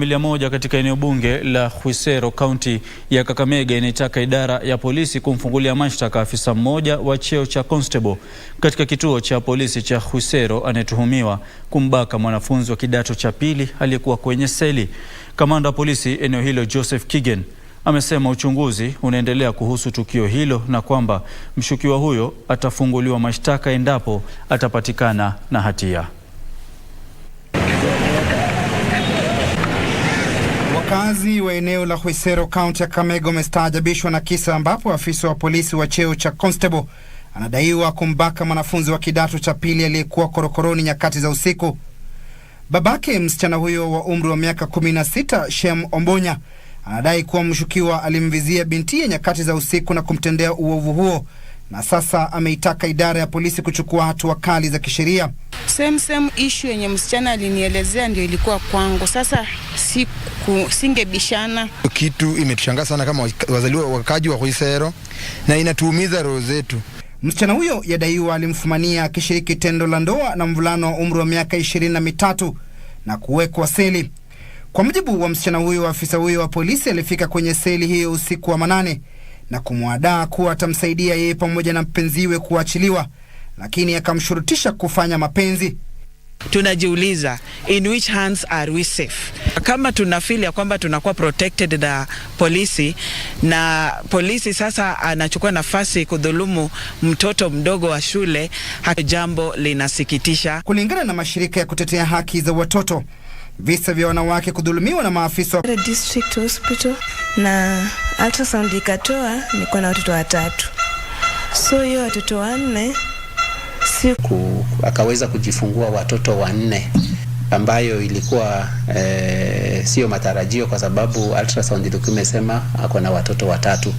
Familia moja katika eneo bunge la Khwisero kaunti ya Kakamega inaitaka idara ya polisi kumfungulia mashtaka afisa mmoja wa cheo cha constable katika kituo cha polisi cha Khwisero anayetuhumiwa kumbaka mwanafunzi wa kidato cha pili aliyekuwa kwenye seli. Kamanda wa polisi eneo hilo Joseph Kigen amesema uchunguzi unaendelea kuhusu tukio hilo na kwamba mshukiwa huyo atafunguliwa mashtaka endapo atapatikana na hatia. Wakazi wa eneo la Huisero, kaunti ya Kamego, wamestaajabishwa na kisa ambapo afisa wa polisi wa cheo cha constable anadaiwa kumbaka mwanafunzi wa kidato cha pili aliyekuwa korokoroni nyakati za usiku. Babake msichana huyo wa umri wa miaka 16, Shem Ombonya, anadai kuwa mshukiwa alimvizia bintiye nyakati za usiku na kumtendea uovu huo na sasa ameitaka idara ya polisi kuchukua hatua kali za kisheria. Same same issue yenye msichana alinielezea ndio ilikuwa kwangu. Sasa si singebishana. Kitu imetushangaza sana kama wazaliwa wakaji wa Khwisero na inatuumiza roho zetu. Msichana huyo yadaiwa alimfumania akishiriki tendo la ndoa na mvulano wa umri wa miaka ishirini na mitatu na kuwekwa seli. Kwa mujibu wa msichana huyo, afisa huyo wa polisi alifika kwenye seli hiyo usiku wa manane na kumwadaa kuwa atamsaidia yeye pamoja na mpenziwe kuachiliwa, lakini akamshurutisha kufanya mapenzi. Tunajiuliza, in which hands are we safe? Kama tunafeel ya kwamba tunakuwa protected na polisi na polisi sasa anachukua nafasi kudhulumu mtoto mdogo wa shule, jambo linasikitisha. Kulingana na mashirika ya kutetea haki za watoto, visa vya wanawake kudhulumiwa na maafisa wa district hospital na ultrasound ikatoa, niko na watoto watatu, so hiyo watoto wanne siku akaweza kujifungua watoto wanne ambayo ilikuwa e, eh, siyo matarajio kwa sababu ultrasound ilikuwa imesema ako na watoto watatu.